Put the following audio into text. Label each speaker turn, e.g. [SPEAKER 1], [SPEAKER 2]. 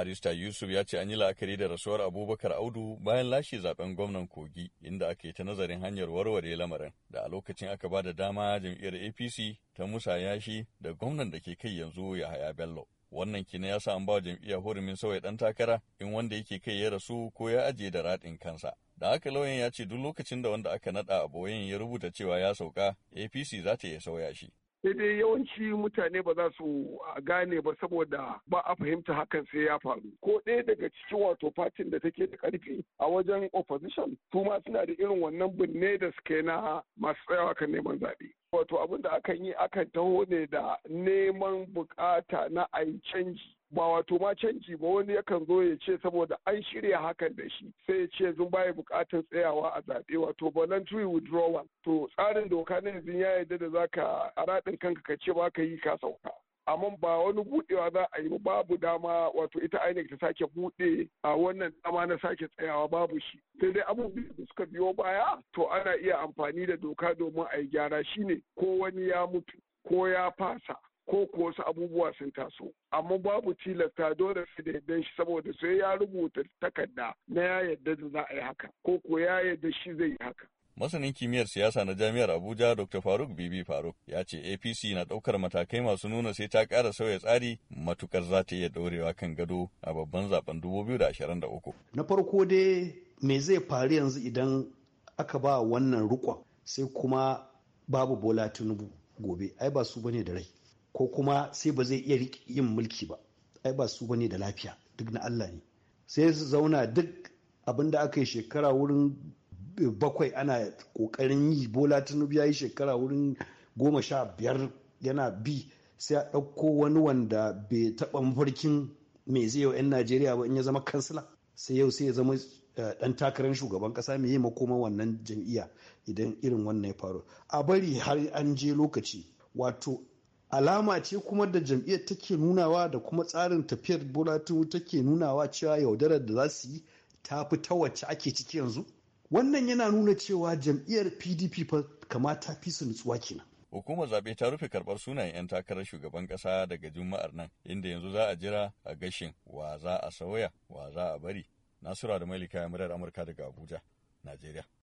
[SPEAKER 1] Barista Yusuf ya ce an yi la'akari da rasuwar Abubakar Audu bayan lashe zaben gwamnan Kogi inda aka yi ta nazarin hanyar warware lamarin da a lokacin aka ba da dama jam'iyyar APC ta Musa Yashi da gwamnan da ke kai yanzu Yahaya Bello. Wannan kina ya sa an ba jam'iyya hurumin sauya dan takara in wanda yake kai ya rasu ko ya ajiye da raɗin kansa. Da haka lauyan ya ce duk lokacin da wanda aka naɗa a boyen ya rubuta cewa ya sauka APC za ta iya sauya shi.
[SPEAKER 2] sai dai yawanci mutane ba za su ah, gane ba saboda ba a fahimta hakan sai ya faru ko ɗaya daga cikin wato fatin da take da karfi a wajen opposition su ma suna da irin wannan binne da suke na masu tsayawa kan neman zaɓe wato abin da akan yi akan taho ne da neman bukata na a canji ba wato ma canji ba wani yakan zo ya ce saboda an shirya hakan da shi sai ya ce yanzu baya bukatar tsayawa a zaɓe wato voluntary withdrawal to tsarin doka na yanzu ya yarda da zaka ka raɗin kanka ka ce ba ka yi ka sauka amma ba wani budewa za a yi babu dama wato ita ainihi ta sake buɗe a wannan dama na sake tsayawa babu shi sai dai abubuwan da suka biyo baya to ana iya amfani da doka domin a yi gyara shine ko wani ya mutu ko ya fasa ko kuwa wasu abubuwa sun taso amma babu tilasta dole su da yadda shi saboda sai ya rubuta takarda na ya yadda da za a yi haka ko ko ya yadda shi zai yi haka
[SPEAKER 1] masanin kimiyyar siyasa na jami'ar abuja dr faruk bibi faruk ya ce apc na daukar matakai masu nuna sai ta kara sauya tsari matukar za ta iya daurewa kan gado a babban zaben 2023
[SPEAKER 3] na farko dai me zai faru yanzu idan aka ba wannan rukon sai kuma babu bola tinubu gobe ai ba su bane da rai ko kuma sai ba zai iya yin mulki ba ai ba su bane da lafiya duk na Allah ne sai su zauna duk abin da aka yi shekara wurin bakwai ana kokarin yi bola tinubu ya yi shekara wurin goma sha biyar yana bi sai a ɗauko wani wanda bai taɓa mafarkin mai zai yau 'yan najeriya ba in ya zama kansila sai yau sai ya zama eh, ɗan takarar shugaban ƙasa mai yi makoma wannan jam'iyya idan irin wannan ya faru a bari har an je lokaci wato alama ce kuma da jam'iyyar take nunawa da kuma tsarin tafiyar bola take nunawa cewa yaudarar da za su yi ta fi ta wacce ake ciki yanzu wannan yana nuna cewa jam'iyyar pdp fa kamata fi su nutsuwa kenan
[SPEAKER 1] hukumar zaɓe ta rufe karɓar sunayen 'yan takarar shugaban ƙasa daga juma'ar nan inda yanzu za a jira a gashin wa za a sauya wa za a bari nasura da ya murar amurka daga abuja
[SPEAKER 3] najeriya